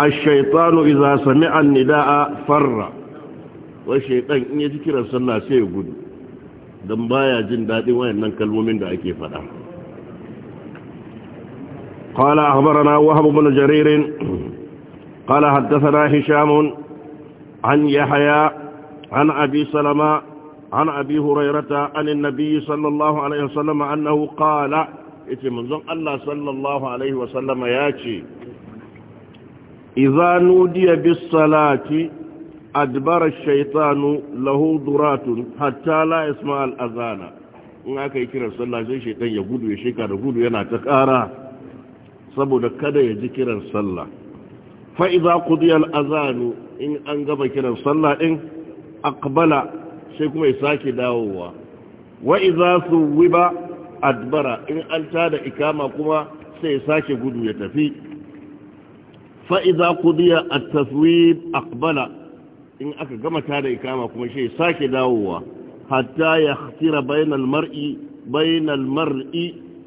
الشيطان إذا سمع النداء فر والشيطان إن يذكر الصلاة سيقول دم بايا جن وين ننكلم من دائك فدا قال أخبرنا وهب بن جرير قال حدثنا هشام عن يحيى عن أبي سلمة عن أبي هريرة عن النبي صلى الله عليه وسلم أنه قال إتمنزم الله صلى الله عليه وسلم ياتي Izanu نودي بالصلاة أدبر الشيطان له درات حتى لا يسمع in aka yi kiran sallah sai shaitan ya gudu ya sheka da gudu yana ta ƙara saboda kada ya ji kiran sallah Fa'iza, idza qudiya al in an gaba kiran sallah din aqbala sai kuma ya sake dawowa Wa'iza idza suwiba adbara in an ta da ikama kuma sai ya sake gudu ya tafi fa'iza kudiya a taswib akbala in aka gama ta da ikama kuma shi sake dawowa hatta ya tira bainal mar'i mar'i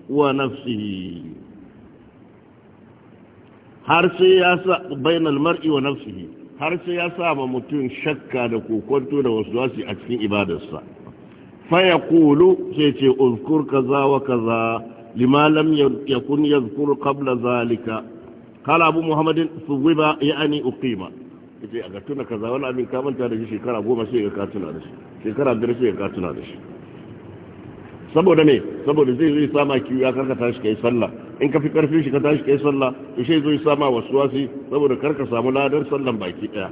wa nafsihi har sai ya sa bainal mar'i wa nafsihi har sai ya sa ma mutum shakka da kokonto da wasu wasu a cikin ibadarsa Faya kulu sai ce uzkur kaza wa kaza limalam lam yakun yadhkur qabla zalika قال ابو محمد صوب يعني اقيم yace a كذا kaza wani abin ka manta da shi shekara goma sai ka tuna da shi shekara biyar sai da shi saboda me saboda zai zai sama kiwo ya karka tashi kai sallah in ka fi karfin shi ka tashi kai sallah to shi zai sama wasu wasi saboda karka samu ladar sallan baki daya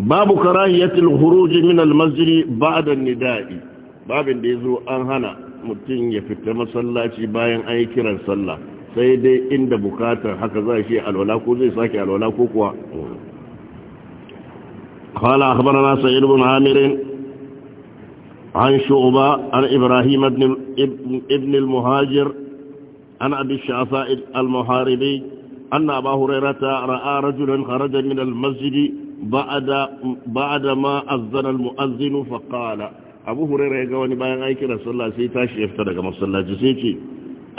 babu karahiyatul khuruj min al-masjid ba'da an-nida'i babin da yazo an hana mutum ya fita masallaci bayan an yi kiran sallah sai dai inda bukatar haka za shi alwala ko zai sake alwala ko kuwa kwana akwai na sa ilmin hamirin an shuɓa an ibrahim ibn an abisha asa al-muharibi an ba hurairata ta ra'a rajulun harajar min al-masjidi ba a da ma azanar mu'azinu faƙala abu huraira ya ga wani bayan aikin rasulla sai tashi ya fita daga masallaci sai ce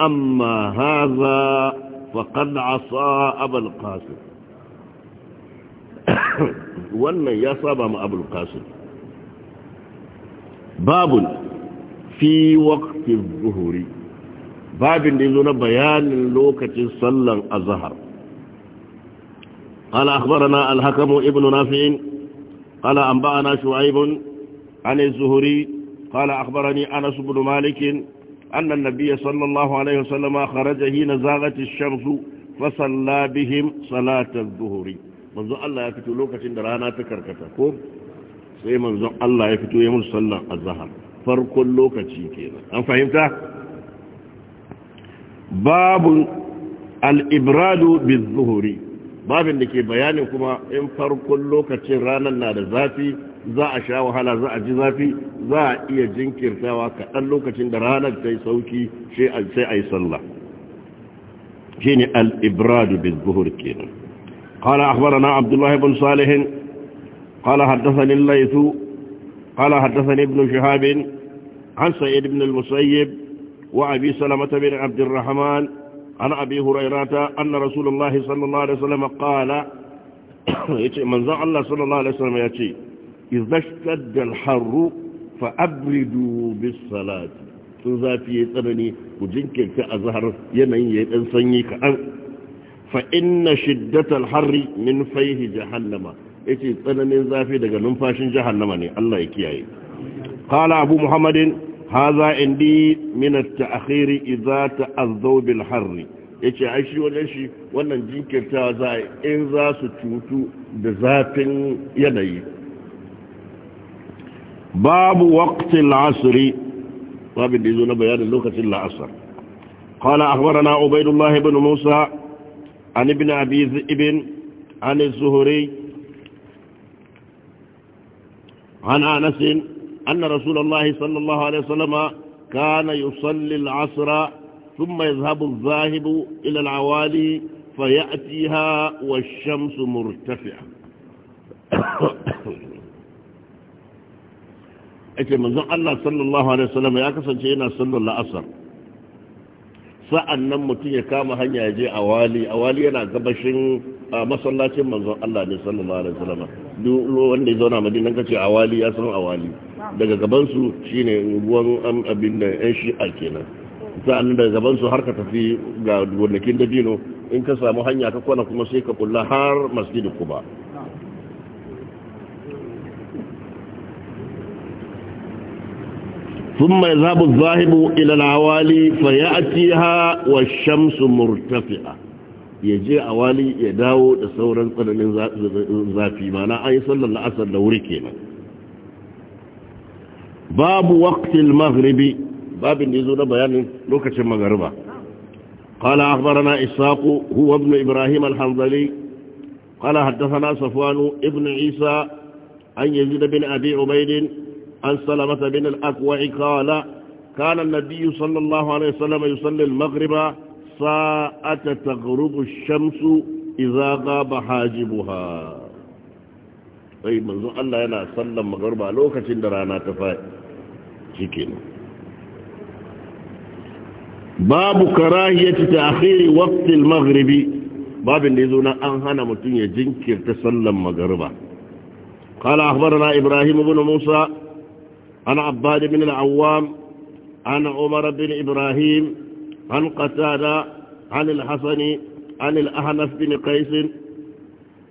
أما هذا فقد عصى أبا القاسم wannan ya saba ma abul qasim babun fi waqti zuhuri babin da yazo na bayanin lokacin sallan azhar قال أخبرنا الحكم ابن نافع قال أنبأنا شعيب عن الزهري قال أخبرني أنس بن مالك أن النبي صلى الله عليه وسلم خرج حين زاغت الشمس فصلى بهم صلاة الظهر منذ الله يفتو لوكة درانا تكركتكم sai manzon Allah ya fito ya musu sallan azhar farkon lokaci kenan an fahimta babu al-ibradu biz-zuhri babin da ke bayanin kuma in farkon lokacin ranar na da zafi za a sha wahala za a ji zafi za a iya jinkirtawa kaɗan lokacin da ranar ta sauki sai a yi sallah shi ne al’ibradu bin zuhur ke nan abdullahi bin salihin ƙala haddasan illaisu ƙala haddasan ibn shahabin hansa ibn al-musayyib wa abi salamata bin abdurrahman an abi hurairata anna rasulullahi sallallahu alaihi wasallam qala yace manzo Allah sallallahu alaihi wasallam yace idza ishtadda al fa abridu bis sun zafi ya tsanani ku jinkirta azhar yanayin ya ɗan sanyi kaɗan fa inna shiddatal harri min fayhi jahannama yace tsananin zafi daga numfashin jahannama ne Allah ya kiyaye qala abu muhammadin hadha indi min at-ta'khir idza ta'azzaw bil harri yace ai shi wannan shi wannan jinkirtawa za in zasu cutu da zafin yanayi باب وقت العصر باب الديزون بيان اللغة العصر قال أخبرنا عبيد الله بن موسى عن ابن أبي ذئب عن الزهري عن أنس أن رسول الله صلى الله عليه وسلم كان يصلي العصر ثم يذهب الذاهب إلى العوالي فيأتيها والشمس مرتفعة ake manzon Allah sallallahu alaihi wasallam ya kasance yana sallar la'asar sa'an nan mutum ya kama hanya ya je a wali a wali yana gabashin masallacin manzon Allah ne sallallahu alaihi wasallam duk wanda ya zauna madina kace a wali ya san a wali daga gaban su shine ruwan abin da yan a kenan sa'an nan daga gaban su har ka tafi ga gonakin dabino in ka samu hanya ka kwana kuma sai ka kulla har masjidin kuba ثم يذهب الذاهب إلى العوالي فيأتيها والشمس مرتفعة يجي عوالي يداو دسورا قدن زافي معنى أي صلى الله عليه وسلم لوريكينا باب وقت المغرب باب النزول بيان لوكة المغربة قال أخبرنا إساق هو ابن إبراهيم الحنظلي قال حدثنا صفوان ابن عيسى أن يزيد بن أبي عبيد عن سلمة بن الأكوع قال كان النبي صلى الله عليه وسلم يصلي المغرب ساعة تغرب الشمس إذا غاب حاجبها أي منذ الله يلا صلى المغرب لوكة درانا تفاي شكين باب كراهية تأخير وقت المغرب باب النزونا أنهنا متن يجنكر تسلم مغربا قال أخبرنا إبراهيم بن موسى عن عباد بن العوام عن عمر بن إبراهيم عن قتادة عن الحسن عن الأهنف بن قيس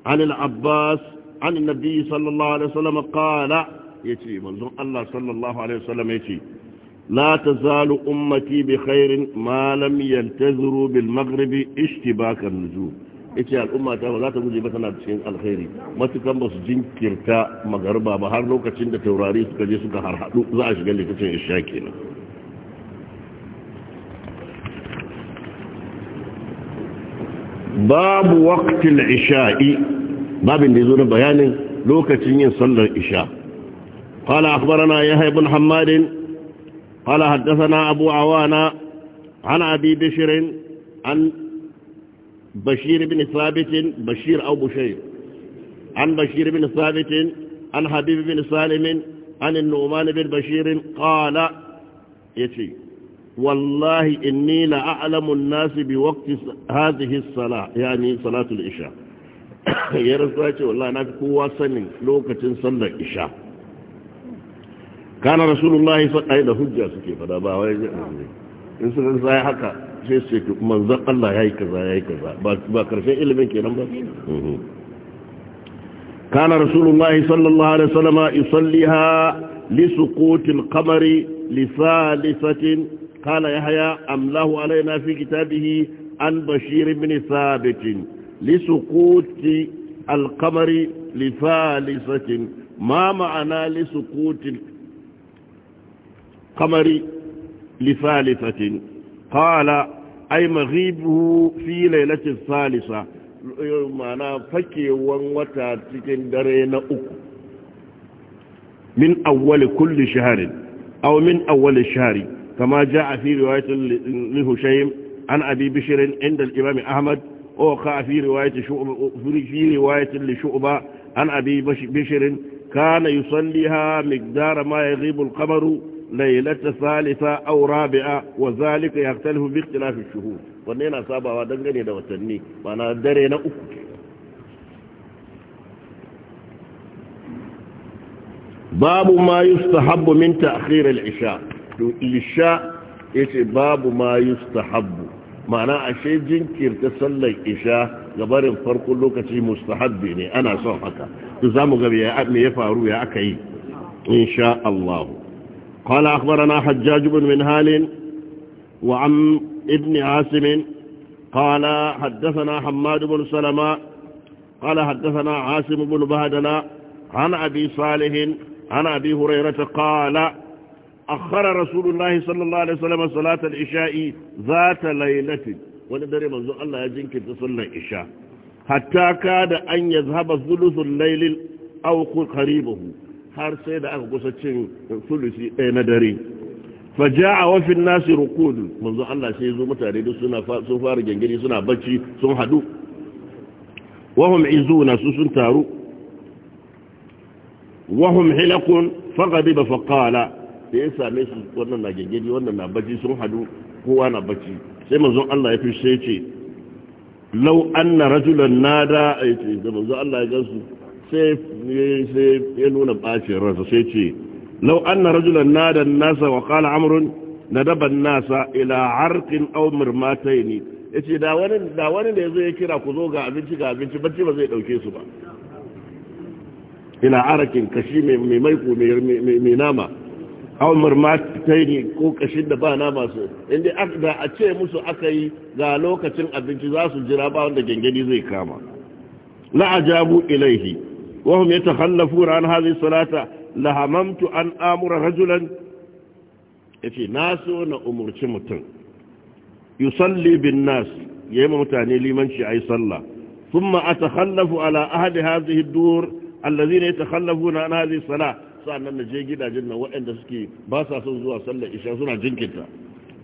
عن العباس عن النبي صلى الله عليه وسلم قال يتي منظر الله صلى الله عليه وسلم يتي لا تزال أمتي بخير ما لم ينتظروا بالمغرب اشتباك النجوم yace al'umma ta ba za ta guje ba tana cikin alkhairi matukan ba su jinkirta magarba ba har lokacin da taurari suka je suka harhaɗu za a shiga littafin isha kenan babu waktin isha'i babin da ya zo na bayanin lokacin yin sallar isha ya أخبرنا يحيى بن haddasa na abu أبو عوانا ana abi bishirin an. بشير بن ثابت بشير أو بشير عن بشير بن ثابت عن حبيب بن سالم عن النعمان بن بشير قال يتي والله إني لأعلم الناس بوقت هذه الصلاة يعني صلاة العشاء يا رسول الله والله أنا في قوة سنة لوكة صلى العشاء كان رسول الله صلى الله عليه وسلم هجة سكي فدا باوي إن سنة حكا sai su ce manzan Allah ya yi kaza ya yi kaza ba karshen ilimin kenan ba mhm. kana rasulullahi sallallahu alaihi wasallama isalli ha li suqutil qamari li kana yahya amlahu alaina an bashir ibn thabit li suquti al qamari li falisatin ma ma'ana li suquti qamari li falisatin qala ai maghibu fi lailatul salisa ma'ana fakewan wata cikin dare na uku min awwal kulli shahrin aw min awwal shahri kama jaa fi riwayat li hushaym an abi bishr inda al-imam ahmad وقع في رواية شعبة في رواية لشعبة عن أبي بشر كان يصليها مقدار ما يغيب القمر lailata salisa au rabi'a wazalika zalika yahtalifu bi ikhtilafi shuhur wanne yana sabawa dangane da watanni mana dare na uku babu ma yustahabbu min ta'khir al-isha to isha yace babu ma yustahabbu ma'ana ashe jinkirta sallar isha gabarin farkon lokaci mustahabbi ne ana son haka to zamu ga me ya faru ya aka yi insha allahu. قال أخبرنا حجاج بن منهال وعم ابن عاصم قال حدثنا حماد بن سلمة قال حدثنا عاصم بن بهدلة عن أبي صالح عن أبي هريرة قال أخر رسول الله صلى الله عليه وسلم صلاة العشاء ذات ليلة وندري منذ الله يجنك تصلى العشاء حتى كاد أن يذهب ثلث الليل أو قريبه har sai da aka kusa cin sulusi ɗaya na dare faja a wafin nasi rukudu manzo Allah sai zo mutane duk suna sun fara gangari suna bacci sun hadu wahum izuna su sun taru wahum hilakun ba faqala sai ya same su wannan na gangari wannan na bacci sun hadu kowa na bacci sai manzo Allah ya fi sai ce law anna rajulan nada ai manzo Allah ya gansu sai ya nuna bacin ransa sai ce lau an na rajulan nasa wa kala na daban nasa ila harkin aw matai ne da wani da wani da yazo ya kira ku zo ga abinci ga abinci bacci ba zai dauke su ba ila harkin kashi mai maiko mai nama aw matai ne ko kashin da ba nama su inda da a ce musu aka yi ga lokacin abinci za su jira ba wanda gengeni zai kama ajabu ilaihi وهم يتخلفون عن هذه الصلاة لهممت أن آمر رجلا يتي ناس نأمر شمتن يصلي بالناس يما متعني لمن شعي صلى ثم أتخلف على أهل هذه الدور الذين يتخلفون عن هذه الصلاة sa'annan na je gidajen nan waɗanda suke ba sa son zuwa sallar isha suna jinkinta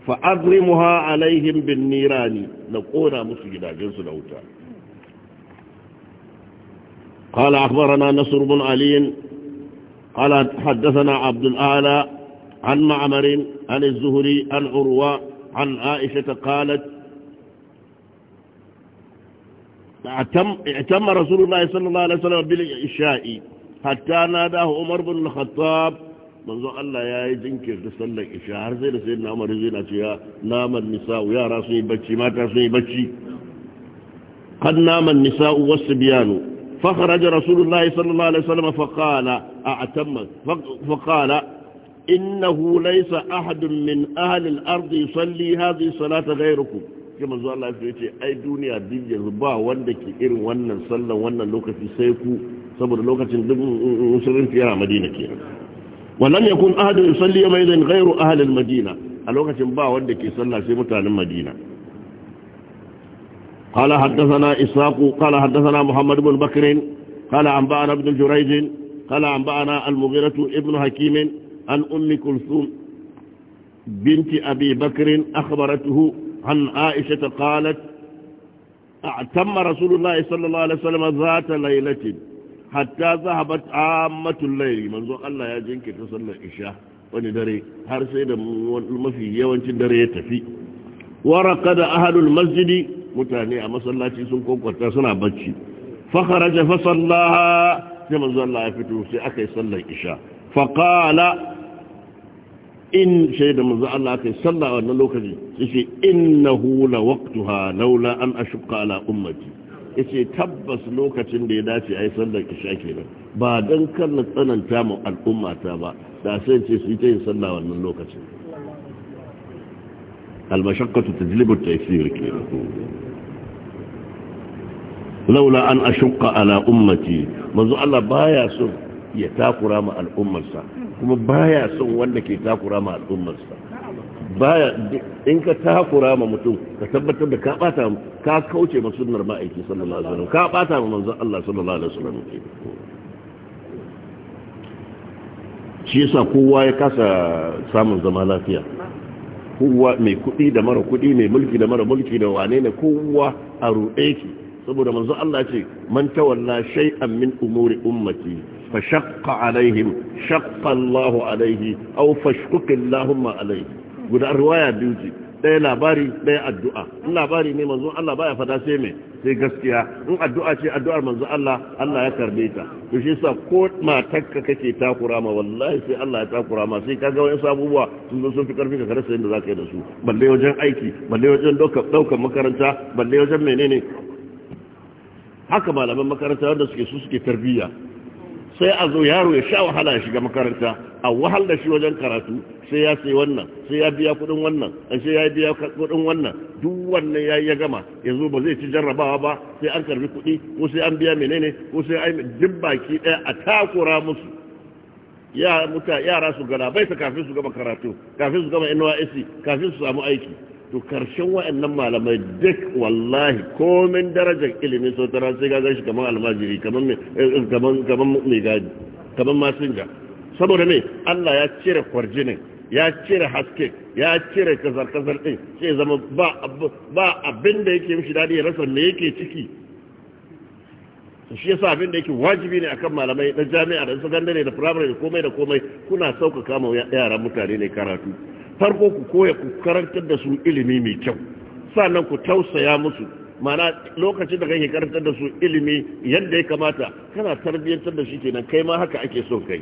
fa azrimuha alaihim bin nirani na kona musu gidajensu da wuta قال أخبرنا نصر بن علي قال حدثنا عبد الأعلى عن معمر عن الزهري عن عروة عن عائشة قالت اعتم رسول الله صلى الله عليه وسلم بالإشاء حتى ناداه عمر بن الخطاب منذ الله يا يجنكر تصلى الإشاء هرزي لسيدنا عمر يزينا يا نام النساء يا راسني بچي ما تاسني بچي قد نام النساء والصبيان فخرج رسول الله صلى الله عليه وسلم فقال أعتم فقال إنه ليس أحد من أهل الأرض يصلي هذه الصلاة غيركم كما زال الله يقول أي دنيا دي يزبا وندك إرن ونن صلى ونن لوكة في سيكو صبر لوكة مسلم فيها مدينة كيرا ولم يكن أحد يصلي يومئذ غير أهل المدينة لوكة با وندك يصلى في متعلم مدينة قال حدثنا إساق قال حدثنا محمد بن بكر قال أنبأنا ابن جريج قال أنبأنا المغيرة ابن حكيم عن أم كلثوم بنت أبي بكر أخبرته عن عائشة قالت اعتم رسول الله صلى الله عليه وسلم ذات ليلة حتى ذهبت عامة الليل منذ الله يا جنك تصلى إشاء وندري dare har sai da mafi waraka da ahalul masjidi mutane a masallaci sun kwakwata suna bacci fakharaja fa sallaha sai manzo Allah ya fito sai aka yi sallar isha Faƙala, in shaida manzo Allah aka yi wannan lokaci sai ce innahu hula waqtuha laula an ashqa ala ummati yace tabbas lokacin da ya dace a yi sallar isha kenan ba dan kallon tsananta mu al'ummata ba da sai ce su yi ta yin sallar wannan lokacin المشقة تجلب التيسير لولا أن أشق على أمتي منذ الله بايا سن يتاقر مع الأمة كما بايا سن وانك يتاقر مع الأمة baya in ka takura ma mutum ka tabbatar da ka bata ka kauce ma sunnar ma'aiki sallallahu alaihi ka bata ma manzon Allah sallallahu alaihi wasallam yasa kowa ya kasa samun zama lafiya kowa mai kuɗi da mara kuɗi mai mulki da mara mulki da wane ne kowa a ruɗe ki saboda manzo Allah ce man tawalla shay'an min umuri ummati fa shaqqa alaihim shaqqa Allahu alaihi aw fashquqa Allahumma alaihi guda riwaya biyu ɗaya labari ɗaya addu'a labari ne manzo Allah baya fada sai mai sai gaskiya in addu'a ce addu'ar manzo Allah Allah ya karbe ta to shi yasa ko matarka kake takura ma wallahi sai Allah ya takura ma sai kaga wani sabuwa sun zo sun fi karfi ka karasa yadda zaka yi da su balle wajen aiki balle wajen daukar makaranta balle wajen menene haka malaman makaranta wanda suke su suke tarbiyya sai a zo yaro ya sha wahala ya shiga makaranta a wahal da shi wajen karatu sai ya sai wannan sai ya biya kudin wannan sai ya biya kudin wannan duk wannan ya ya gama yanzu ba zai ci jarrabawa ba sai an karbi kudi ko sai an biya menene ko sai an duk baki daya a takura musu ya muta yara su bai su kafin su gama karatu kafin su gama NYSC kafin su samu aiki to karshen wa'annan malamai duk wallahi komin darajar ilimin sautara sai ga gashi kamar almajiri eh, kamar mai gadi kamar masinja saboda me Allah ya cire kwarjinin ya cire haske ya cire kazar-kazar din sai zama ba abin da yake mishi dadi ya rasa me yake ciki shi yasa abin da yake wajibi ne akan malamai na jami'a da sakandare da primary da komai da komai kuna sauka kama yaran mutane ne karatu farko ku koya ku karantar da su ilimi mai kyau sannan ku tausaya musu mana lokacin da kake karantar da su ilimi yadda ya kamata kana tarbiyyantar da shi kenan kai ma haka ake so kai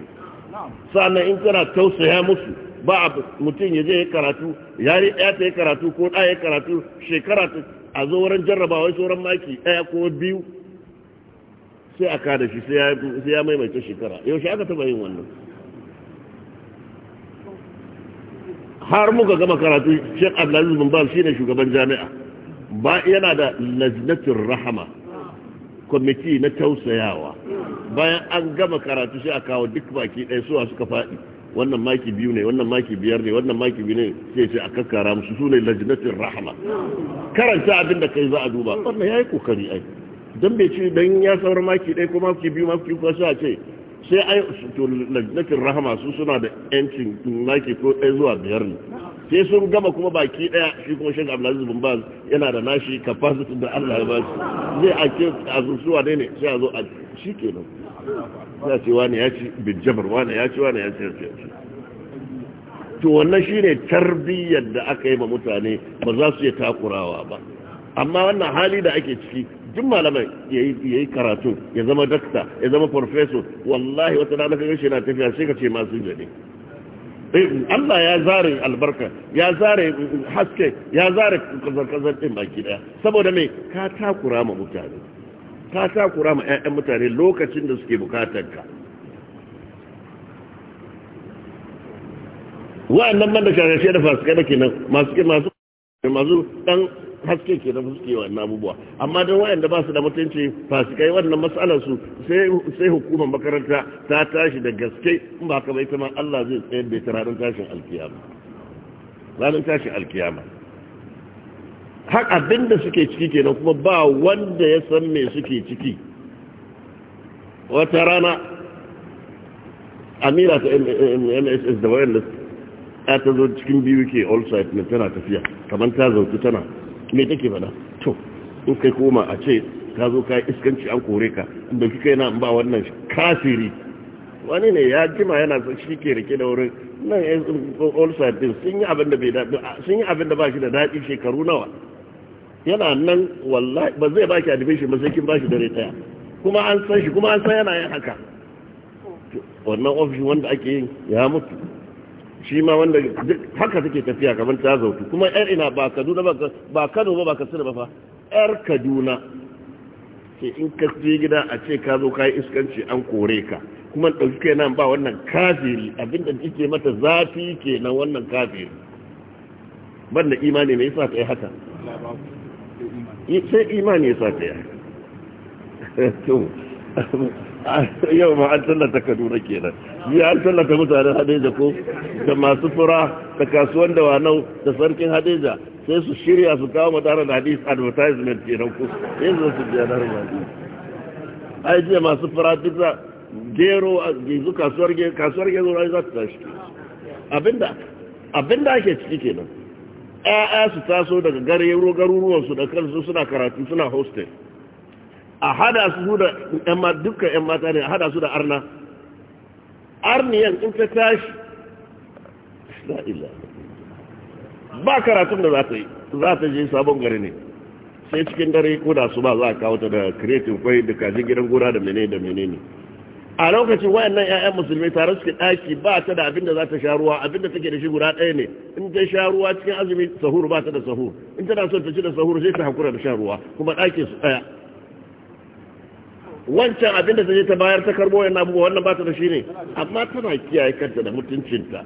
sannan in kana tausaya musu ba a mutum ya je ya karatu yari ya ta yi karatu ko ɗaya ya karatu shekara a zo wurin jarrabawa sauran maki ɗaya ko biyu sai a kada shi sai ya maimaita shekara yaushe aka taba yin wannan har muka gama karatu shek abdulaziz bin baz shine shugaban jami'a ba yana da lajnatin rahama kwamiti na tausayawa bayan an gama karatu sai a kawo duk baki ɗaya a suka faɗi wannan maki biyu ne wannan maki biyar ne wannan maki biyu ne sai sai a kakkara musu su ne lajnatin rahama karanta abin da kai za a duba wannan ya yi kokari ai don bai ci don ya saurin maki ɗaya ko maki biyu maki kuma sha ce sai ai to lajnatin rahama su suna da yancin maki ko ɗaya zuwa biyar ne sai sun gama kuma baki ɗaya shi kuma shi abu bin baz yana da nashi capacity da allah ya bashi zai a ke a zuwa ne ne sai a zo a shi nan ya ce wani ya ci jabar wani ya ci wani ya ci ya ci to wannan shine tarbiyyar da aka yi ma mutane ba za su yi takurawa ba amma wannan hali da ake ciki duk malamai ya yi karatu ya zama dakta ya zama farfeso wallahi wata rana kaga shi na tafiya sai ka ce masu jade eh, Allah ya zare albarka ya zare eh, haske ya zare kazar-kazar ɗin baki ɗaya saboda mai ka takura ma mutane ka takura ma 'ya'yan mutane lokacin da suke bukatar ka wa'annan man da shi da fasikai da kenan masu masu masu dan haske ke na fuske wa abubuwa amma don wayanda ba su da mutunci fasikai wannan matsalar su sai hukumar makaranta ta tashi da gaske in ba ka bai ta ma Allah zai tsayar da ita ranar tashin alkiyama ranar tashin alkiyama har abin da suke ciki kenan kuma ba wanda ya san me suke ciki wata rana amira ta mss da wayan ta zo cikin biyu ke all na tana tafiya kamar ta zauki tana me take fada to in kai koma a ce ka zo ka iskanci an kore ka in dauki kai na ba wannan kafiri wani ne ya jima yana son shi ke rike da wurin nan all side din sun yi abin da bai daɗi sun yi abin da ba shi da daɗi shekaru nawa yana nan wallahi ba zai baki admission ba sai kin bashi dare taya kuma an san shi kuma an san yana yin haka wannan ofishin wanda ake yin ya mutu shi ma wanda haka suke tafiya kamar ta zautu kuma yar ina ba kaduna ba kano ba ba kasar ba fa yar kaduna ke in ka je gida a ce ka zo ka yi iskanci an kore ka kuma ɗauki kai nan ba wannan kafiri abinda ke mata zafi ke nan wannan kafiri ban da imani ne yasa ta yi haka sai imani yasa ta yi yau ma an tallata kaduna kenan yi an tallata mutanen hadeja ko da masu fura da kasuwan da wanau da sarkin hadeja sai su shirya su kawo matarar hadis advertisement kenan ko sai su su biya na rumadi ai jiya masu fura pizza gero a gizu kasuwar gero kasuwar gero za su tashi abinda abinda ake ciki kenan ya'ya su taso daga garuruwansu da kansu suna karatu suna hostel a hada su da dukkan 'yan mata ne a hada su da arna arniyan in ta tashi la'ila ba karatun da za ta yi za ta je sabon gari ne sai cikin dare ko da su ba za a kawo ta da kiretin kwai da kajin gidan gona da mene da mene ne a lokacin wayannan 'ya'yan musulmi tare suke ɗaki ba ta da abin da za ta sha ruwa abin da take da shi guda ɗaya ne in ta sha ruwa cikin azumi sahur ba ta da sahur in tana son ta ci da sahur sai ta hakura da sha ruwa kuma ɗakin su ɗaya wancan abin da je ta bayar ta karbo yana abubuwa wannan ba ta da shi ne amma tana kiyaye kanta da mutuncinta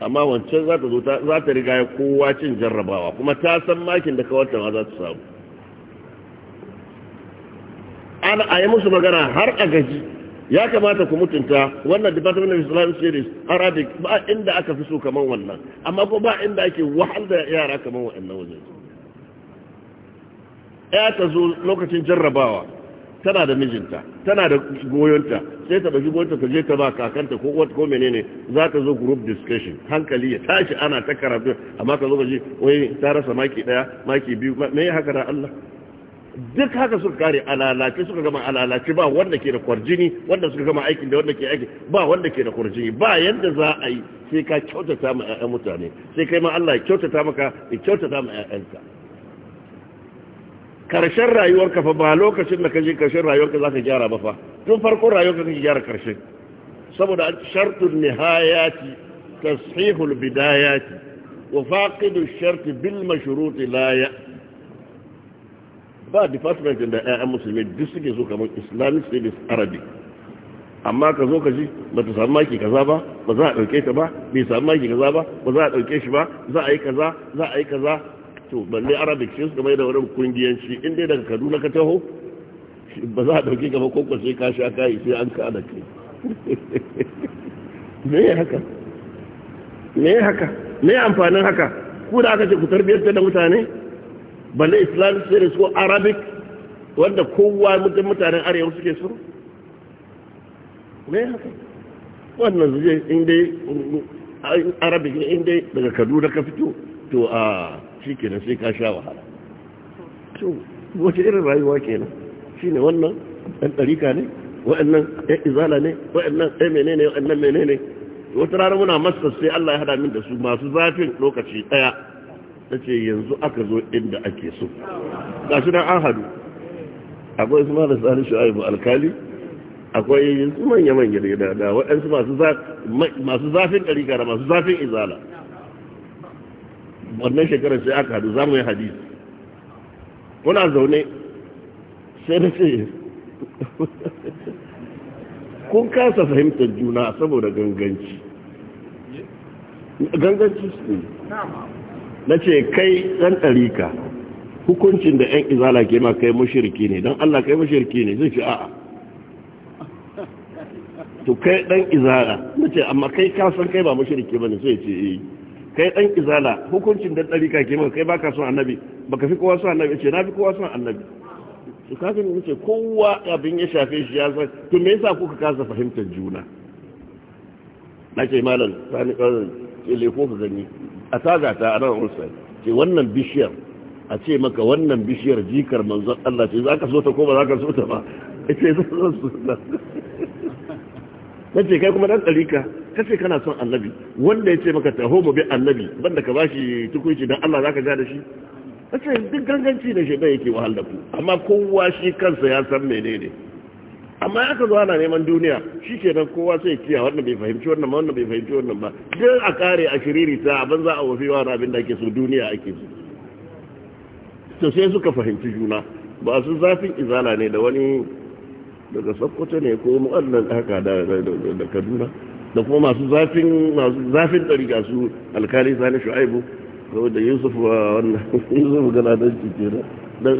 amma wancan za ta zo za ta riga ya kowa cin jarrabawa kuma ta san makin da kawarta ma za ta samu an a yi musu magana har a gaji ya kamata ku mutunta wannan department of islamic series arabic ba inda aka fi so kamar wannan amma ko ba inda ake wahal da yara kamar waɗannan wajen ya ta zo lokacin jarrabawa tana da mijinta tana da goyonta sai ta ɗauki goyonta ta je ta ba kakanta ko wata ko menene za ta zo group discussion hankali ya tashi ana ta karatu amma ka zo ka ji wai ta rasa maki ɗaya maki biyu me ya haka da Allah duk haka suka kare alalace suka gama alalace ba wanda ke da kwarjini wanda suka gama aikin da wanda ke aiki ba wanda ke da kwarjini ba yanda za a yi sai ka kyautata ma 'ya'yan mutane sai kai ma Allah ya kyautata maka ya kyautata ma 'ya'yanka karshen rayuwarka fa ba lokacin da kaje karshen rayuwarka zaka gyara ba fa tun farkon rayuwarka kake gyara karshen saboda shartun nihayati tashihul bidayati wa faqidu sharti bil mashrut la ya ba department da ƴaƴan musulmi duk suke so kamar islamic studies arabic amma ka zo ka ji ba ta samu maki kaza ba ba za a ɗauke ta ba bai samu kaza ba ba za a ɗauke shi ba za a yi kaza za a yi kaza to balle arabic sai suka mai da wani kungiyanci inda daga kaduna ka taho ba za a dauki gaba kokon sai ka sha kayi sai an ka da kai me haka me ya haka me amfanin haka ku da aka ce ku tarbiyyar da mutane balle islamic da ko arabic wanda kowa mutanen arewa suke so me ya haka wannan zuje inda arabic ne inda daga kaduna ka fito to a ah, shi kenan sai ka sha wahala to wace irin rayuwa shi ne wannan ɗan ɗarika ne wa'annan ɗan izala ne wa'annan ɗan menene wa'annan menene wata rana muna masu sai Allah ya hada min da su masu zafin lokaci ɗaya ta ce yanzu aka zo inda ake so ga shi an hadu akwai su mara sani shu'aibu alkali akwai su manya-manya da waɗansu masu zafin ɗarika da masu zafin izala wannan shekarar sai aka hadu zamu yi hadisi muna zaune sai na ce kun kasa fahimtar juna saboda ganganci ganganci su na ce kai ɗan ɗarika hukuncin da 'yan izala ke ma kai mashirki ne don Allah kai mashirki ne zai ce a'a to kai ɗan izala na ce amma kai kasan kai ba mashirki ba ne sai ce yi eh. kai dan izala hukuncin dan ɗarika ke maka kai baka son annabi baka fi kowa son annabi ce na fi kowa son annabi su kafin ce kowa abin ya shafe shi ya san to me yasa kuka kasa fahimtar juna nake malam sani eh, kazan ile ko ka gani a taga ta a nan ursa ce wannan bishiyar a ce maka wannan bishiyar jikar manzon Allah ce zaka so ta ko ba zaka so ta ba ce zan so ta nace kai kuma dan ka kace kana son annabi wanda yace maka taho mu bi annabi banda ka bashi tukunci dan Allah zaka ga da shi kace duk ganganci da shi da yake wahal da ku amma kowa shi kansa ya san menene amma aka zo ana neman duniya shi ke nan kowa sai kiya wannan bai fahimci wannan ba wannan bai fahimci wannan ba dan a kare a shiriri ta abin za a wafi wa abin da ake so duniya ake so to sai suka fahimci juna ba su zafin izala ne da wani daga sokoto ne ko mu'allan haka da kaduna da kuma masu zafin masu zafin ɗariga su alkali sani shu'aibu uh, da yusuf wannan yusuf gana don cike da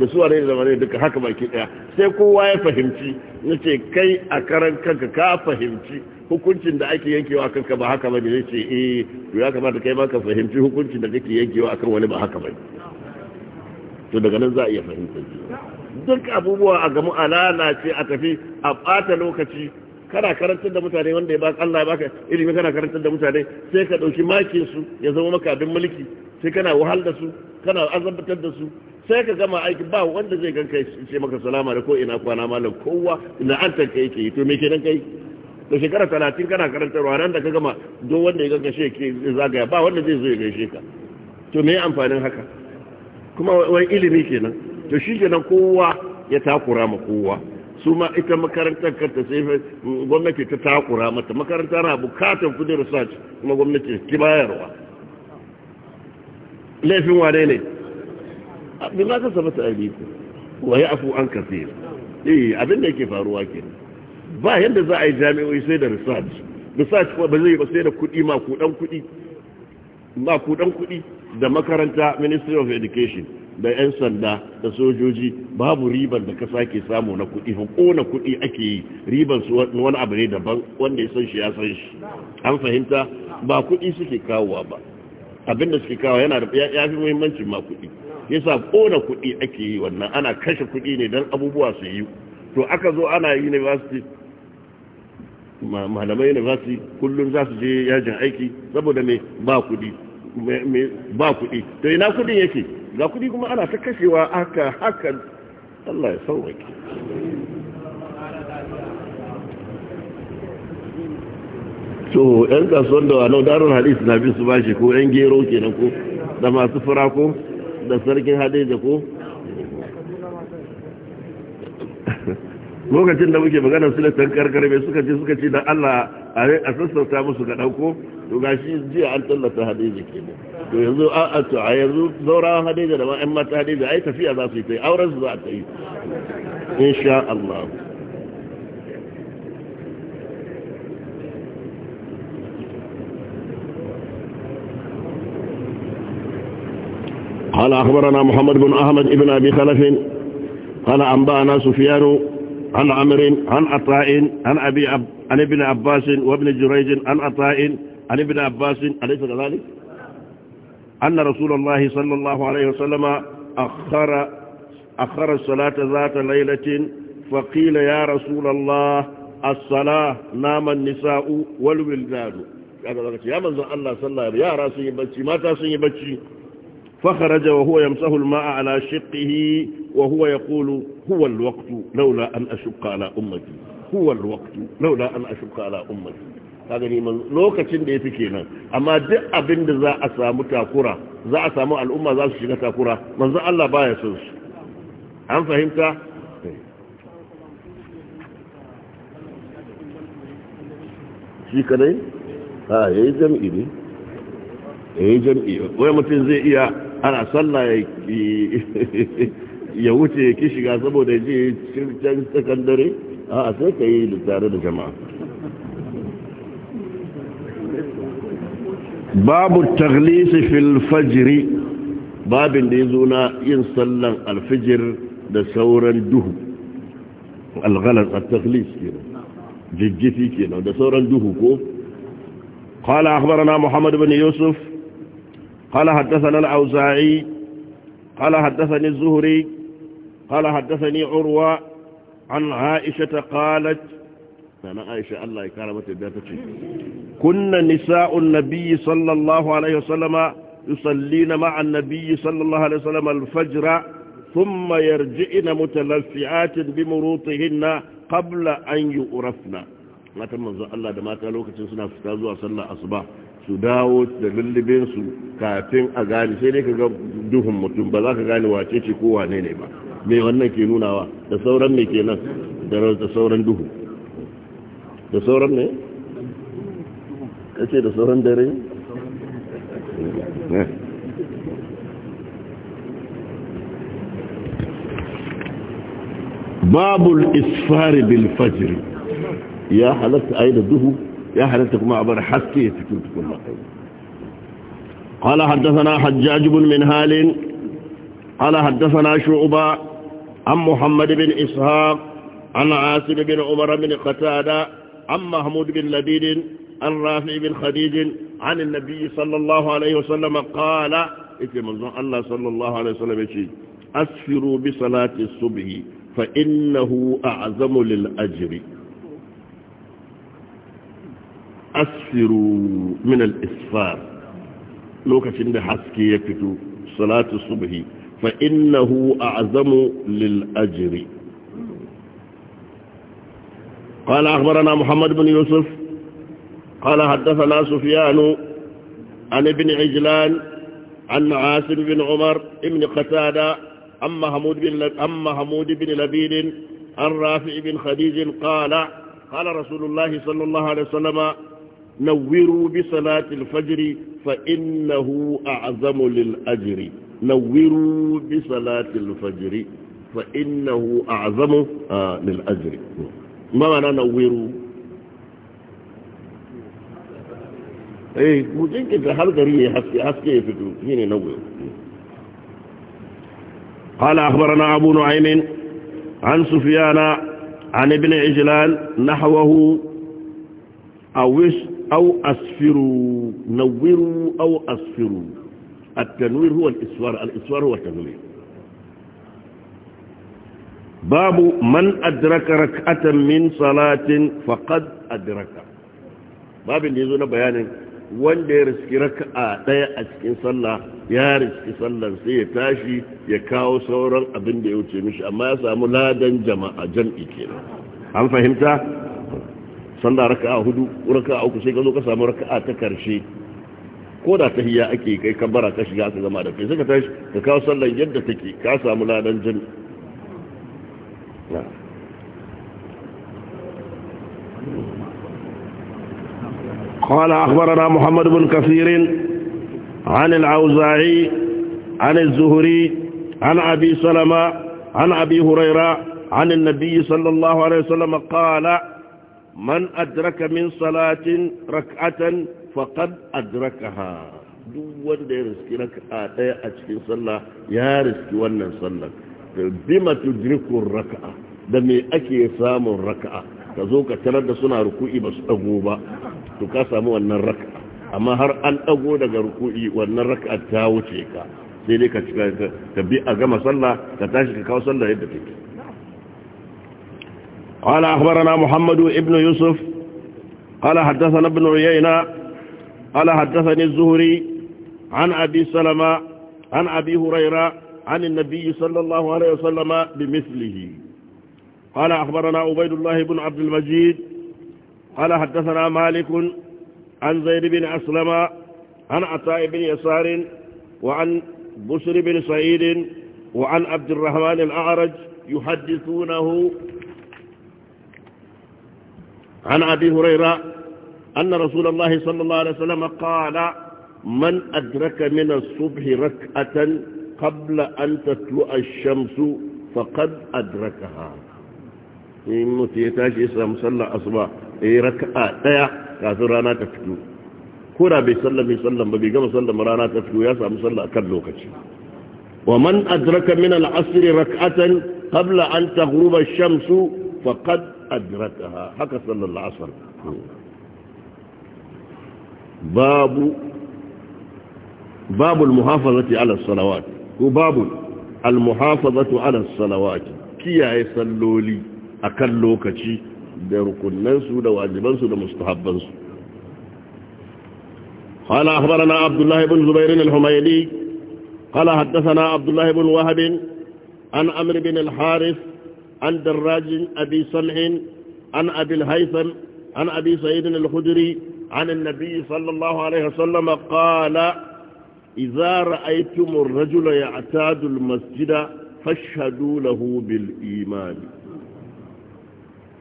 da su wane da wane duka haka baki ɗaya sai kowa ya fahimci na ce kai a karan kanka ka fahimci hukuncin da ake yankewa kanka ba haka bane ne ce eh to ya kamata kai ba ka fahimci hukuncin da kake yankewa akan wani ba haka bane to daga nan za a iya fahimta duk abubuwa a gamu a lalace a tafi a ɓata lokaci kana karantar da mutane wanda ya ba Allah ya baka ilimi kana karantar da mutane sai ka ɗauki makin su ya zama maka abin mulki sai kana wahal da su kana azabtar da su sai ka gama aiki ba wanda zai ganka ya ce maka salama da ko ina kwana malam kowa ina an tanka yake yi to me kenan kai da shekara talatin kana karantarwa nan da ka gama don wanda ya ganka shi ke zagaya ba wanda zai zo ya gaishe ka to me amfanin haka kuma wai ilimi kenan to shi kenan kowa ya takura ma kowa su ma ita makarantar karta sai gwamnati ta takura mata makaranta na bukatar kudin research kuma gwamnati ki bayarwa laifin wane ne abin ah, ma kasa mata aliko wa ya afu an kafe eh abin da yake faruwa ke ba yadda za a yi jami'o'i sai da research research kuma ba zai ba sai da kudi ma kudan kuɗi ma kuɗan kuɗi da makaranta ministry of education da 'yan sanda da sojoji babu ribar da ka sake samu na kuɗi kona kuɗi ake yi ribar su wani abu ne daban wanda ya san shi ya san shi an fahimta ba kuɗi suke kawowa ba abin da suke kawo yana da ya fi muhimmancin ma kuɗi ya sa kona kuɗi ake yi wannan ana kashe kuɗi ne don abubuwa su yi to aka zo ana university malamai university kullum za su je yajin aiki saboda mai ba kuɗi ba kuɗi to ina kuɗin yake ga kuɗi kuma ana ta kashewa haka haka Allah ya sauwaki to yan kasuwan da wano darun hadis na bin su bashi ko yan gero kenan ko da masu fura ko da sarkin da ko lokacin da muke magana su silatan karkarbe suka ce suka ce da Allah a sassauta musu ga ɗauko to ga shi jiya an tallata hadisi kenan to yanzu a to a yanzu zaurawa hadisi da ma'an mata hadisi ai tafiya za su yi ta yi auren su za ta yi insha Allah قال أخبرنا محمد بن أحمد بن أبي خلف قال أنبأنا سفيان عن عمر عن عطاء عن أبي عب... عن ابن عباس وابن جريج عن عطاء عن ابن عباس أليس كذلك؟ أن رسول الله صلى الله عليه وسلم أخر أخر الصلاة ذات ليلة فقيل يا رسول الله الصلاة نام النساء والولدان يا من الله صلى الله عليه وسلم يا راسي بچي ما تاسي بچي فخرج وهو يمسه الماء على شقه وهو يقول هو الوقت لولا أن أشق على أمتي هو الوقت لولا أن أشق على أمتي kaga ni lokacin da ya fike nan amma duk abin da za a samu takura za a samu al'umma za su shiga takura manzo Allah baya son su an fahimta wai mutum zai iya ana sallah ya ya wuce ki shiga saboda je can tsakan dare a sai ka yi da tare da jama'a babu taglisi filfajiri babin da ya zo na yin sallan alfijir da sauran duhu alghalar a taglis kenan jijjifi kenan da sauran duhu ko قال أخبرنا محمد بن يوسف قال حدثنا الأوزاعي قال حدثني الزهري قال حدثني عروة عن عائشة قالت أنا عائشة الله كرمت بيتك كنا نساء النبي صلى الله عليه وسلم يصلين مع النبي صلى الله عليه وسلم الفجر ثم يرجئن متلفعات بمروطهن قبل أن يؤرفن ما تمنظر الله دما تلوك تنسنا فتازوا صلى أصباح su dawo da lullubinsu kafin a gane sai dai ka ga duhun mutum ba za ka gane wace ce ko wane ne ba mai wannan ke nunawa da sauran mai kenan da sauran duhu da sauran ne kace da sauran dare babul isfari bil fajr ya halatta ai da duhu ya halatta kuma a bar haske ya cikin tukun قال حدثنا حجاج بن من هال قال حدثنا شعبه عن محمد بن إسحاق عن عاصم بن عمر بن قتادة عن محمود بن لبيد عن رافع بن خديج عن النبي صلى الله عليه وسلم قال الله صلى الله عليه وسلم أسفروا بصلاة الصبح فإنه أعظم للأجر أسفروا من الإسفار لو كنت حسكي يكتو صلاة الصبح فإنه أعظم للأجر قال أخبرنا محمد بن يوسف قال حدثنا سفيان عن ابن عجلان عن عاصم بن عمر ابن قتادة أما حمود بن أما حمود بن لبيد عن رافع بن خديج قال قال رسول الله صلى الله عليه وسلم نوروا بصلاة الفجر فإنه أعظم للأجر نوروا بصلاة الفجر فإنه أعظم آه، للأجر ما معنى نوروا ايه ممكن كده حل غريب حسي حسي فيتو مين ينور قال اخبرنا ابو نعيم عن سفيان عن ابن عجلان نحوه اوش او اسفروا نوروا او اسفروا التنوير هو الإسوار الإسوار babu التنوير باب من أدرك ركعة من صلاة فقد أدرك باب اللي يزون بيانا wanda ya riski raka'a ɗaya a cikin sallah ya riski sallar sai ya tashi ya kawo sauran abin da ya wuce mishi amma ya samu ladan jama'a jam'i kenan an fahimta sallah raka'a hudu raka'a uku sai ka zo ka samu raka'a ta karshe ko da tahiyya ake kai kabbara ka shiga ka zama da kai sai ka tashi ka kawo sallar yadda take ka samu ladan jin قال أخبرنا محمد بن كثير عن العوزاعي عن الزهري عن أبي سلمة عن أبي هريرة عن النبي صلى الله عليه وسلم قال من أدرك من صلاة ركعة faqad adrakaha duk wanda ya riski raka'a ɗaya a cikin sallah ya riski wannan sallah sallar bima tudriku raka'a da me ake samun raka'a ka zo ka tarar da suna ruku'i ba su dago ba to ka samu wannan raka'a amma har an dago daga ruku'i wannan raka'a ta wuce ka sai dai ka cika ka bi a gama sallah ka tashi ka kawo sallah yadda take قال أخبرنا محمد ابن يوسف قال حدثنا ابن عيينة قال حدثني الزهري عن أبي سلمة عن أبي هريرة عن النبي صلى الله عليه وسلم بمثله قال أخبرنا عبيد الله بن عبد المجيد قال حدثنا مالك عن زيد بن أسلم عن عطاء بن يسار وعن بشر بن سعيد وعن عبد الرحمن الأعرج يحدثونه عن أبي هريرة أن رسول الله صلى الله عليه وسلم قال من أدرك من الصبح ركعة قبل أن تطلع الشمس فقد أدركها in mutu ya tashi ya samu sallar asuba ya yi raka'a daya kafin rana ta fito ko da bai sallar mai ba bai gama sallar rana ta fito ya samu sallar kan lokaci wa man adraka min al-asr rak'atan qabla an taghruba ash-shamsu haka sallar babu babu al ala salawat ko babu al-muhafazatu ala salawat kiyaye salloli akan lokaci da rukunnansu da wajibansu da mustahabbansu قال أخبرنا عبد الله بن زبير الحميدي قال حدثنا عبد الله بن وهب عن أمر بن الحارث عن دراج أبي صلح عن أبي الهيثم عن أبي سعيد الخدري عن النبي صلى الله عليه وسلم قال إذا رأيتم الرجل يعتاد المسجد فاشهدوا له بالإيمان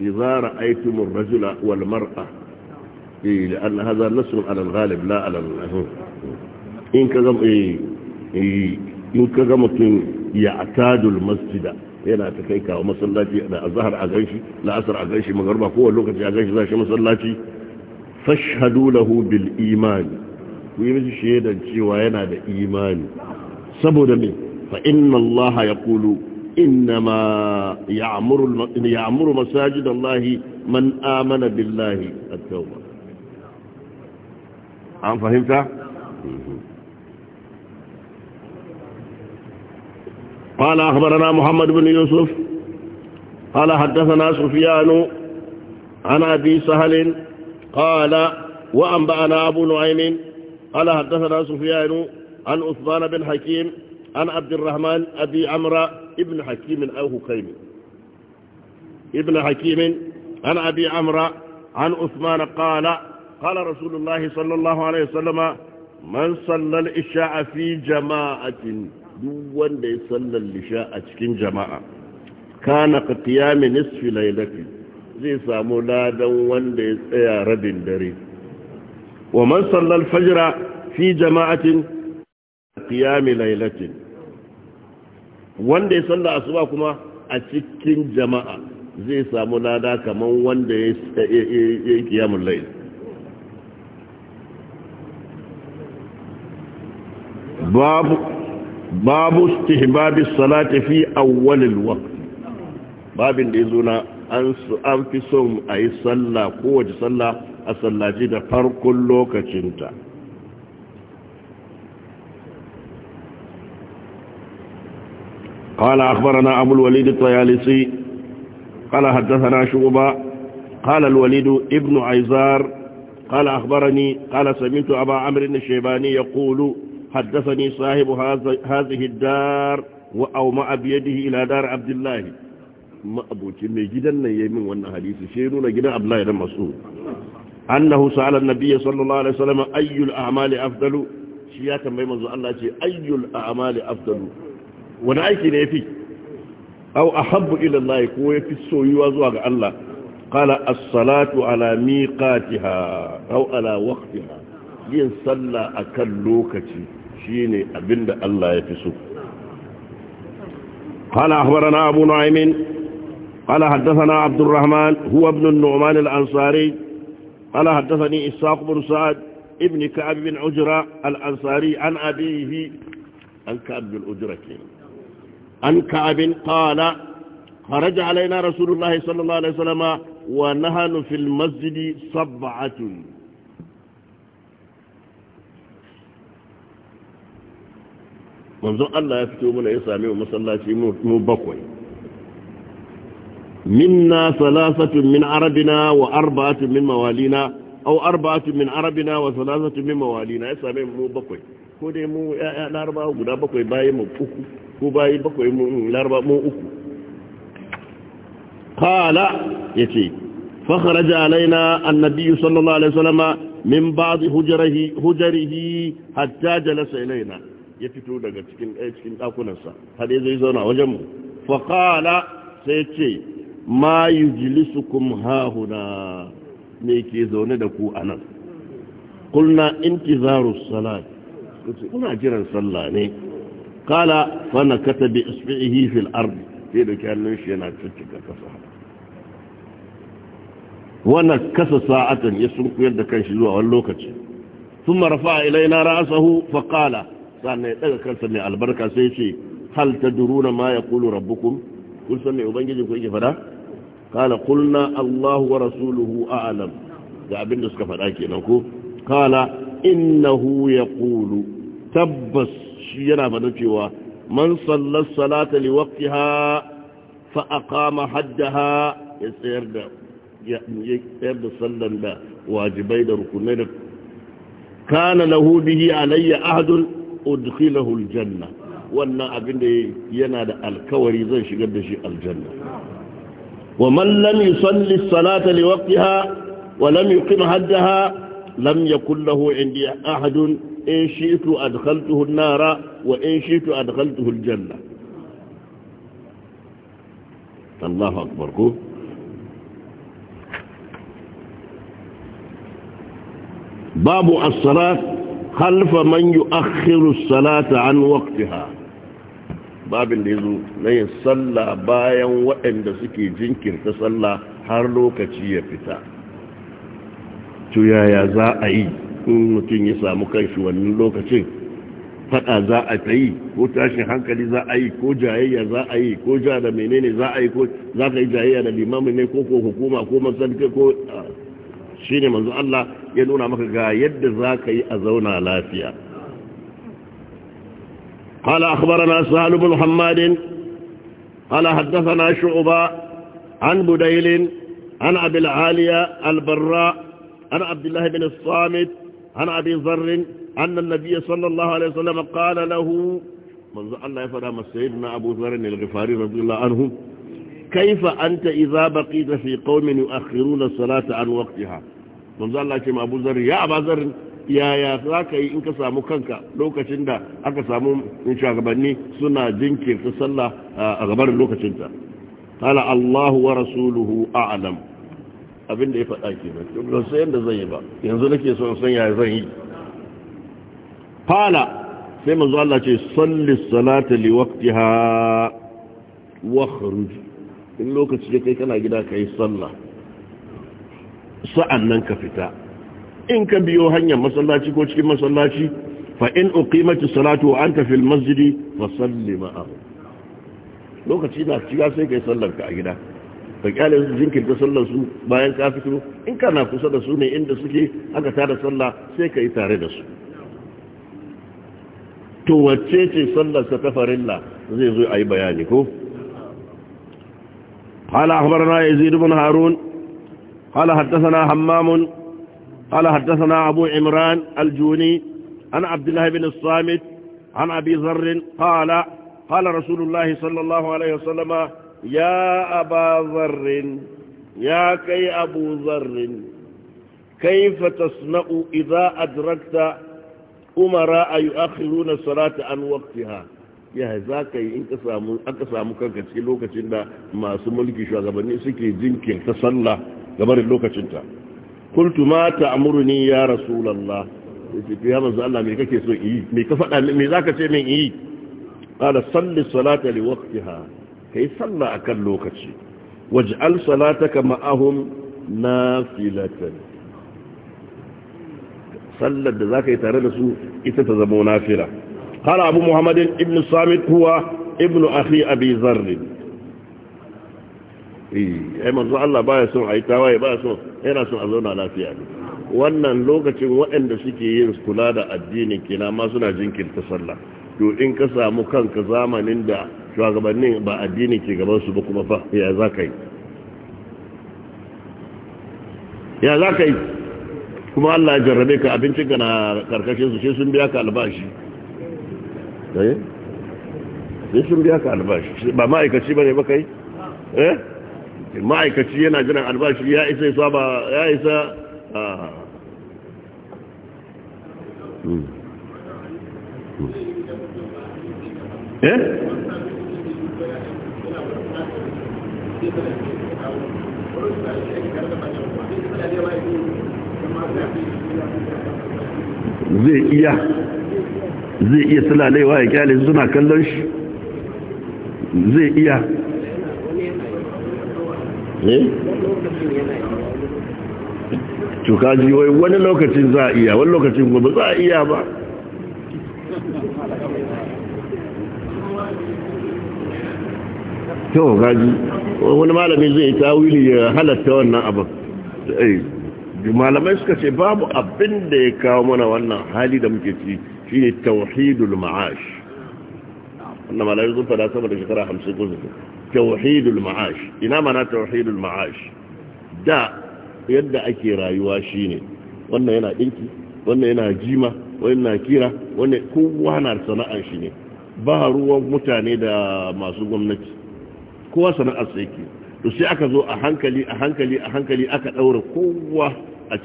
إذا رأيتم الرجل والمرأة إيه لأن هذا نصر على الغالب لا على الهو إن كذا إيه إيه إن كذا يعتاد المسجد هنا تكيكا ومسلاتي أنا أظهر da لا أسر ganshi la فوق اللغة ganshi magarba kowane fashhadu lahu bil imani ku yi mishi shaidan cewa yana da imani saboda me fa inna Allah ya kulu innama ya'muru masajid Allah man amana billahi at-tauba an fahimta قال أخبرنا محمد بن يوسف قال حدثنا سفيان عن أبي سهل قال وأنبأنا أبو نعيم قال حدثنا سفيان عن عثمان بن حكيم عن عبد الرحمن أبي عمرو ابن حكيم أو هكيم ابن حكيم عن أبي عمرو عن أثمان قال قال رسول الله صلى الله عليه وسلم من صلى الإشاء في جماعة دون دي صلى الإشاء في جماعة كان قيام نصف ليلته zai samu ladan wanda ya tsaya rabin dare wa man sallal fajra fi jama'atin qiyami lailatin wanda ya salla asuba kuma a cikin jama'a zai samu lada kaman wanda ya yi qiyamul layl babu babu as salati fi al waqt babin da yazo na an fi son a yi sallah kowace sallah a sallaci da farkon lokacinta قال أخبرنا أبو الوليد الطيالسي قال حدثنا شعبة قال الوليد ابن عيزار قال أخبرني قال سمعت أبا عمرو الشيباني يقول حدثني صاحب هذه الدار وأومأ بيده إلى دار عبد الله ma'abuci mai gidan nan yayi min wannan hadisi shi nuna gidan Abdullahi dan Mas'ud annahu sa'ala an sallallahu alaihi wasallam ayyul a'mali afdalu shi ya tambayi manzo Allah ce ayyul a'mali afdalu wani aiki ne yafi aw ahabbu ila Allah ko yafi soyuwa zuwa ga Allah qala as-salatu ala miqatiha aw ala waqtiha yin sallah akan lokaci shine abinda Allah yafi so قال أخبرنا أبو نعيم قال حدثنا عبد الرحمن هو ابن النعمان الأنصاري قال حدثني إساق بن سعد ابن كعب بن عجرة الأنصاري عن أبيه عن كعب بن عجرة عن كعب قال خرج علينا رسول الله صلى الله عليه وسلم ونهن في المسجد سبعة منذ الله يفتو من يسامي ومسلاتي مو بقوي minna salasatun min arabina wa arba'atun min mawalina aw arba'atun min arabina wa salasatun min mawalina ya same mu bakwai ko dai mu ya'ya larabawa guda bakwai bayan mu uku ko bayi bakwai mu laraba mu uku qala yace fa kharaja alaina annabi sallallahu alaihi wasallama min ba'd hujrihi hujrihi hatta jalasa ilaina ya fito daga cikin ɗaya cikin ɗakunansa zai zauna wajen mu fa qala sai ce ma yujlisukum hahuna me ke zaune da ku a nan. kulna intizaru salat kace jiran sallah ne kala fa na bi isbihi fil ard sai da kallon shi yana ciccika kasa wannan kasa sa'atan ya sunkuyar da kanshi zuwa wani lokaci ثم رفع إلينا رأسه فقال ya يتلقى كالسمي البركة سيشي هل تدرون ما يقول rabbukum قل سمعوا بان جزم فلا قال قلنا الله ورسوله أعلم دع بندس كفر آكي قال إنه يقول تبس شينا فنجوا من صلى الصلاة لوقتها فأقام حدها يسير دع يسير دع صلى دع واجبين ركنين كان له به علي أهد أدخله الجنة wannan abin da yana da alkawari zan shigar da shi aljanna wa man lam yusalli salata li waqtiha wa lam yuqim haddaha lam yakul lahu indi ahadun in shi'tu adkhaltuhu an-nara wa in shi'tu adkhaltuhu al-janna Allahu akbar ko babu as-salat خلف من يؤخر الصلاة عن وقتها babin da ya zo na yin sallah bayan waɗanda suke jinkirta sallah har lokaci ya fita to yaya za a yi in mutum ya samu kanshi wannan lokacin fada za a ta yi ko tashin hankali za a yi ko jayayya za a yi ko ja da menene za a yi ko za ka yi jayayya da limamin ne ko ko hukuma ko masalika ko ah, shine manzo Allah ya nuna maka ga yadda za ka yi a zauna lafiya قال أخبرنا سهل بن حماد قال حدثنا شعبة عن بديل عن أبي العالية البراء عن عبد الله بن الصامت عن أبي ذر أن النبي صلى الله عليه وسلم قال له منذ الله يفرام سيدنا أبو ذر الغفاري رضي الله عنه كيف أنت إذا بقيت في قوم يؤخرون الصلاة عن وقتها منذ الله كما أبو ذر يا أبا ذر yaya za ka yi in ka samu kanka lokacin da aka samu shugabanni suna jinkirta sallah a gabar lokacinta Hala Allahu wa rasuluhu a'lam abin da ya faɗa ke ba don sai yadda zan yi ba yanzu nake so in san yaya zan yi fala sai manzo Allah ce salli salata li waqtiha wa in lokaci da kai kana gida kai sallah nan ka fita in ka biyo hanyar masallaci ko cikin masallaci fa in uqimatu salatu wa anta fil masjidi fa salli ma'a lokaci da shiga sai kai sallar ka a gida ka kyale su da sallar su bayan ka fito in kana kusa da su ne inda suke aka tada sallah sai ka tare da su to wacce ce sallar sa ta farilla zai zo ayi bayani ko قال أخبرنا يزيد بن هارون قال حدثنا حمام قال حدثنا أبو عمران الجوني عن عبد الله بن الصامت عن أبي ذر قال قال رسول الله صلى الله عليه وسلم يا أبا ذر يا كي أبو ذر كيف تصنع إذا أدركت أمراء يؤخرون الصلاة عن وقتها ya za ka yi in aka samu kanka cikin lokacin da masu mulki shugabanni suke jinkirta sallah gabarin lokacinta qultu ma ta'muruni ya rasulullah yace ya manzo Allah me kake so yi me ka fada me zaka ce min yi qala salli salata li waqtiha kai salla akan lokaci waj'al salataka ma'ahum nafilatan sallar da zaka yi tare da su ita ta zama nafila قال أبو محمد ابن الصامت هو ابن أخي أبي ذر eh ai manzo Allah baya son ai tawaye baya son yana son a zauna lafiya ne wannan lokacin waɗanda suke yin kula da addinin kina ma suna jinkirta sallah to in ka samu kanka zamanin da shugabannin ba addini ke gaban su ba kuma fa ya za ka yi ya za ka yi kuma Allah ya jarrabe ka abincin ka na karkashin su sai sun biya ka albashi eh sai sun biya ka albashi ba ma'aikaci bane ba kai eh ma'aikaci yana jiran albashi ya isa ya saba ya isa a hmm. hmm. eh? zai iya zai iya sulalewa ya kyale suna kallon shi zai iya tukaji wai wani lokacin za a iya wani lokacin gobe za a iya ba kyau gaji wani malami zai yi tawili ya halatta wannan abin malamai suka ce babu abin da ya kawo mana wannan hali da muke ci shi ne tauhidul ma'ash wannan malamai zufa da sama da shekara hamsin ko tauhidul ma'ash ina mana توحيد ma'ash da yadda ake rayuwa shine wannan yana dinki wannan yana jima wannan كيرا kira كوانا رسناء شيني sana'ar shi دا ba ruwan mutane da masu gwamnati kowa أكذو sai ke to aka zo a hankali a hankali a aka a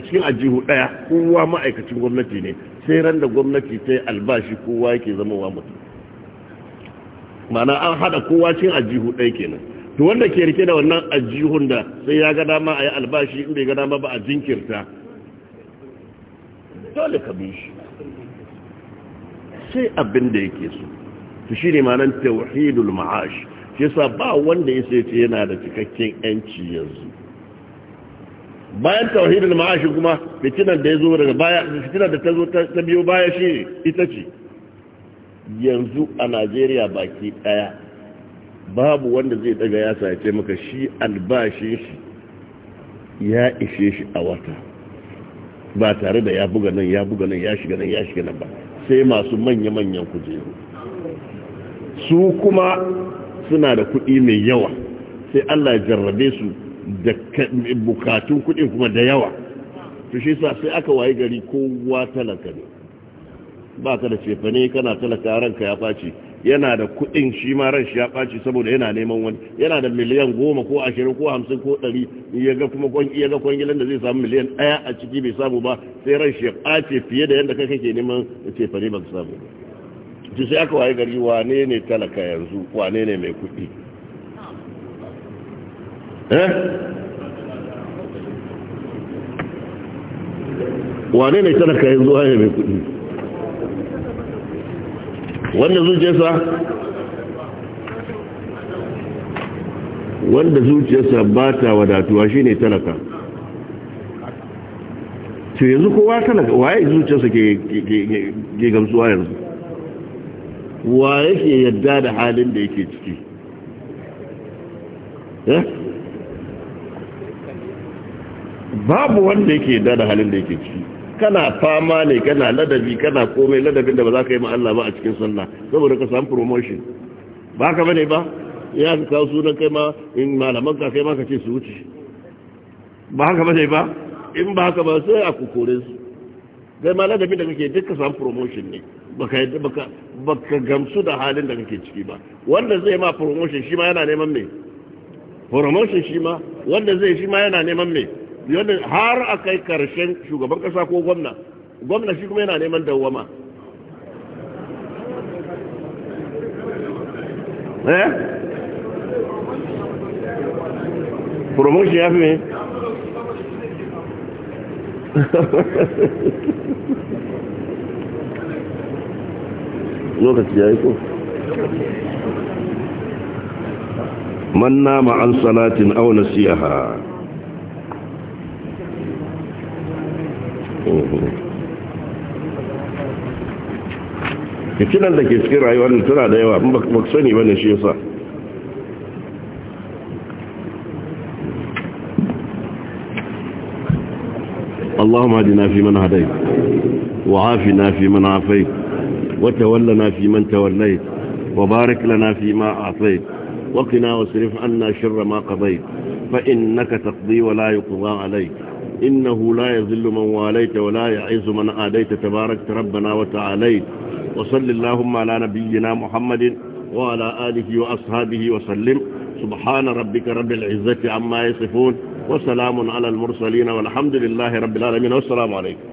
cikin ajihu daya a kowa ma'aikacin gwamnati ne sai ran da gwamnati ta yi albashi kowa yake zama wa mutum mana an hada kowa cin ajihu ɗaya kenan to wanda ke rike da wannan ajihun da sai ya ga dama a yi albashi in bai ga dama ba a jinkirta dole ka bi shi sai abin da yake so to shi ne manan tauhidul ma'ash shi yasa ba wanda ya sai ce yana da cikakken yanci yanzu bayan tauhidul ma'ash kuma fitinar da ya zo daga baya fitinar da ta zo ta biyo baya shi ita ce yanzu a najeriya baki daya babu wanda zai daga ya sace maka shi albashin shi ya ishe shi a wata ba tare da ya buga nan ya buga nan ya shiga nan ya shiga nan ba sai masu manya-manyan kujeru su kuma suna da kuɗi mai yawa sai allah jarrabe su da bukatun kuɗin kuma da yawa to shi sa sai aka waye gari kowa talaka ne ba ka da cefane kana talaka ranka ya faci yana da kuɗin shi ma ran shi ya faci saboda yana neman wani yana da miliyan goma ko ashirin ko hamsin ko ɗari ya ga kuma ya ga kwangilan da zai samu miliyan ɗaya a ciki bai samu ba sai ran shi ya ɓace fiye da yadda kake neman cefane ba ka samu ba sai aka waye gari wane ne talaka yanzu wane ne mai kuɗi eh? wane ne talaka yanzu wane mai kuɗi wanda zuciyarsa wanda zuciyarsa ba ta wadatuwa shi ne talaka to yanzu kowa talaka waye zuciyarsa ke gamsuwa yanzu wa ke yadda da halin da yake ciki eh? babu wanda yake yadda da halin da yake ciki kana fama ne kana ladabi kana komai ladabin da ba za ka yi ma Allah ba a cikin sallah saboda ka samu promotion ba ka bane ba ya ka kawo sunan kai ma in malaman ka kai ma ka ce su wuce ba haka bane ba in ba haka ba sai a kukure su kai ma ladabi da kake duka samu promotion ne baka baka baka gamsu da halin da kake ciki ba wanda zai ma promotion shi ma yana neman me promotion shi ma wanda zai shi ma yana neman me yadda har a kai karshen shugaban kasa ko gwamna gwamna shi kuma yana neman dawama eh promotion ya fi ne lokaci ya yi ko man nama an salatin siya ha fitinan da ke cikin rayuwa ne tana da yawa ba sani ba ne shi yasa اللهم اهدنا فيمن هديت وعافنا فيمن عافيت وتولنا فيمن توليت وبارك لنا فيما أعطيت وقنا واصرف عنا شر ما قضيت فإنك تقضي ولا يقضى عليك إنه لا يذل من واليت ولا يعز من آديت تبارك ربنا وتعاليت وصل اللهم على نبينا محمد وعلى آله وأصحابه وسلم سبحان ربك رب العزة عما يصفون وسلام على المرسلين والحمد لله رب العالمين والسلام عليكم